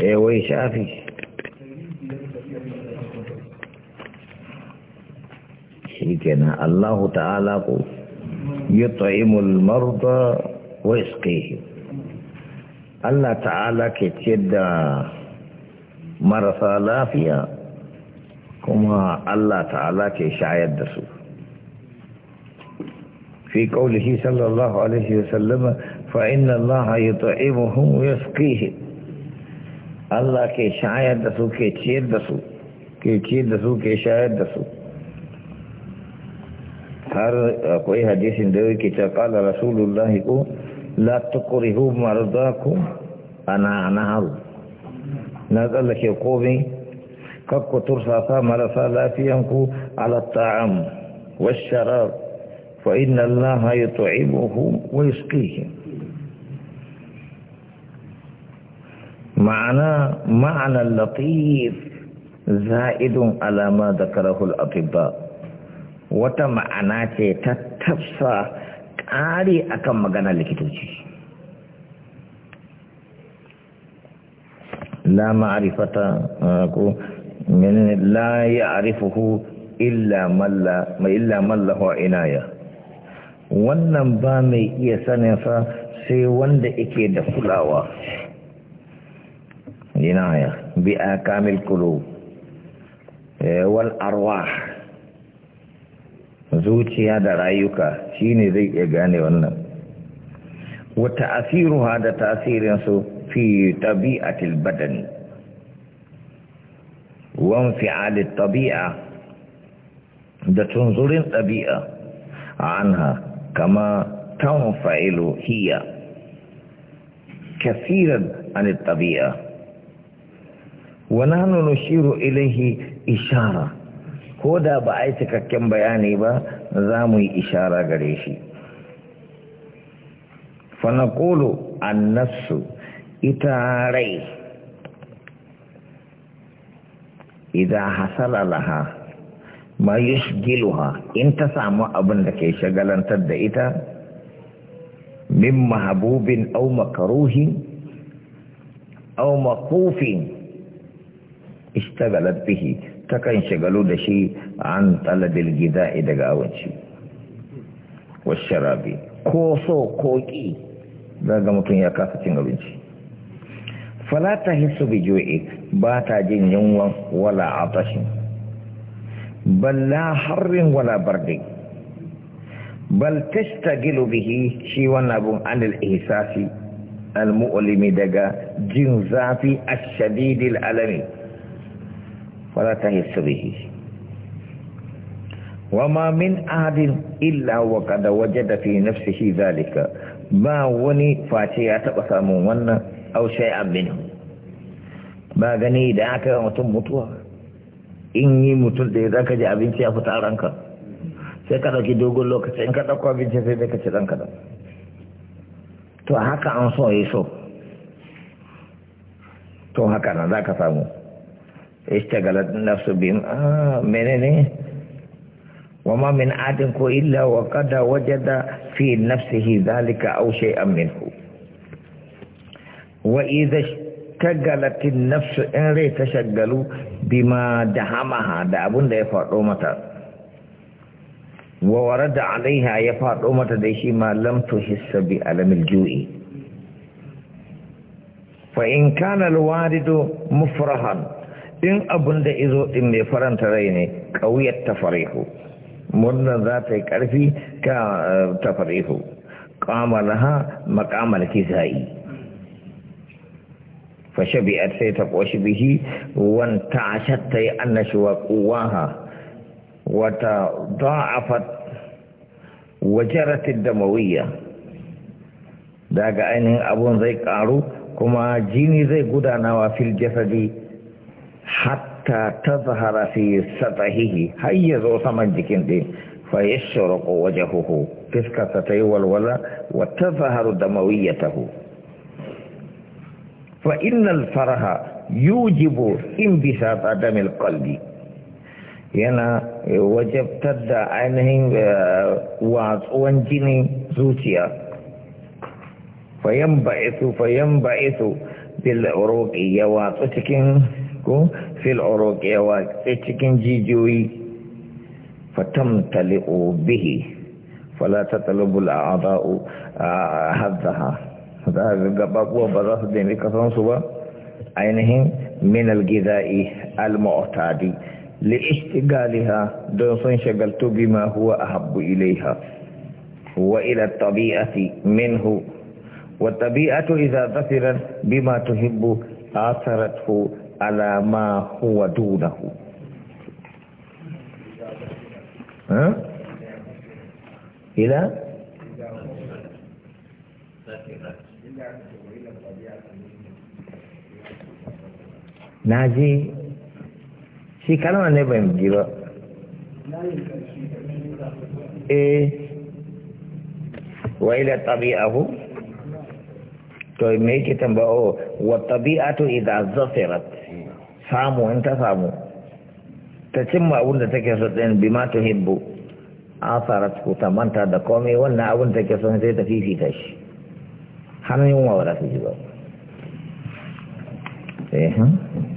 ايه ويش عافي شكنا الله تعالى يطعم المرضى ويسقيه الله تعالى كتدى مرثى لافيا كما الله تعالى كشعيد دسوه في قوله صلى الله عليه وسلم فإن الله يطعمهم ويسقيهم الله کے شاید دسو کے چیر دسو کے چیر دسو کے شاید دسو ہر کوئی حدیث اندوی کی تقال رسول اللہ کو لا تقرهو مرضاکو انا انا حل نظر لکی قومی ککو ترسا سا مرسا لا فیانکو على الطعام والشرار فإن الله يطعمهم ويسقيهم ma'ana ma'ana latif za'idun alama da karahul afibba wata ma'ana ce ta tafsa ƙari akan magana likitoci la ma'arifata eh, ko la ya arifuhu illa mallahu a inaya wannan ba mai iya saninsa sai wanda ike da kulawa جناية بآكام القلوب إيه، والأرواح زوجي هذا رأيك شيني ذي يقاني والنم وتأثير هذا تأثير في طبيعة البدن وانفعال الطبيعة تنظر الطبيعة عنها كما تنفعل هي كثيرا عن الطبيعة Wani ونحن نشير إليه ishara. ko da ba a yi cikakken bayani ba za mu yi ishara gare shi fanakolo annasu ita rai idan hasala laha ma yushgiluha in ta samu abin da ke shagalantar da ita min mahabubin au makaruhin au makufin اشتغلت به تکا انشغلو دشی عن طلب الغذاء دغا وانشي والشرابی کوسو كوكي دغا متون يا کاسا cin abinci فلا تحسو بجوئی باتا جين یونو ولا عطش بل لا حر ولا برد بل تشتغل به شي ونبو عن الاحساسی المؤلم دگا جن زافي الشديد الألمي ولا تهس به وما من أحد إلا وقد وجد في نفسه ذلك ما وني فاتي أتقسم ون أو شيئا منه ما غني دعك ومتم متوى in yi mutum da za ka ji abinci ya fita ranka sai ka ɗauki dogon lokaci in ka ɗauko abinci sai dai ka ci ɗan kaɗan to haka an so so to haka nan za ka samu اشتغلت النفس بهم آه، منني إيه؟ وما من عاد إلا وقد وجد في نفسه ذلك أو شيئا منه وإذا اشتغلت النفس إن ري تشغلوا بما دهمها دا أبن دا وورد عليها يفعلوا متى شي ما لم تحس بألم الجوء فإن كان الوارد مفرحا in abun da izo din mai faranta rai ne ƙauyar ta farihu murna za ta yi ƙarfi ka eh, ta farihu ƙamar ha maƙamar fashe biyar sai ta ƙoshi bihi wanta a ta yi annashuwa ƙuwaha wata da'afat wajaratin damawiyya daga ainihin abun zai ƙaru kuma jini zai gudanawa fil jasadi حتى تظهر في سطحه هي ذو ثمان جكين دي فيشرق وجهه تسكى سطحه والولا وتظهر دمويته فإن الفرح يوجب انبساط دم القلب ينا وجب تدى عنهم آه، واس وانجيني زوتيا فينبعث فينبعث بالعروق يواس ko fil orokewa cikin jijiyoyi fatam tali'u bihi fala ta talubul a'adau haddaha za a gaba kuwa ba za su dami kasansu ba ainihin min algiza'i al-mu'tadi li ishtigaliha don sun shagaltu bima huwa ahabbu ilaiha wa ila tabi'ati minhu والطبيعة إذا ظفرت بما تحب آثرته على ما هو دونه ها؟ إلى ناجي shi kalma ne ban ji ba eh wa ila tabi'ahu to me yake tambao wa tabi'atu idza zafirat samu in ta samu ta cimma abin da take so ɗin bi ma ta hibbu asarat ku ta manta da komai wannan abin da take son sai ta fifita shi hannun yunwa ba za ta ji ba eh, hmm?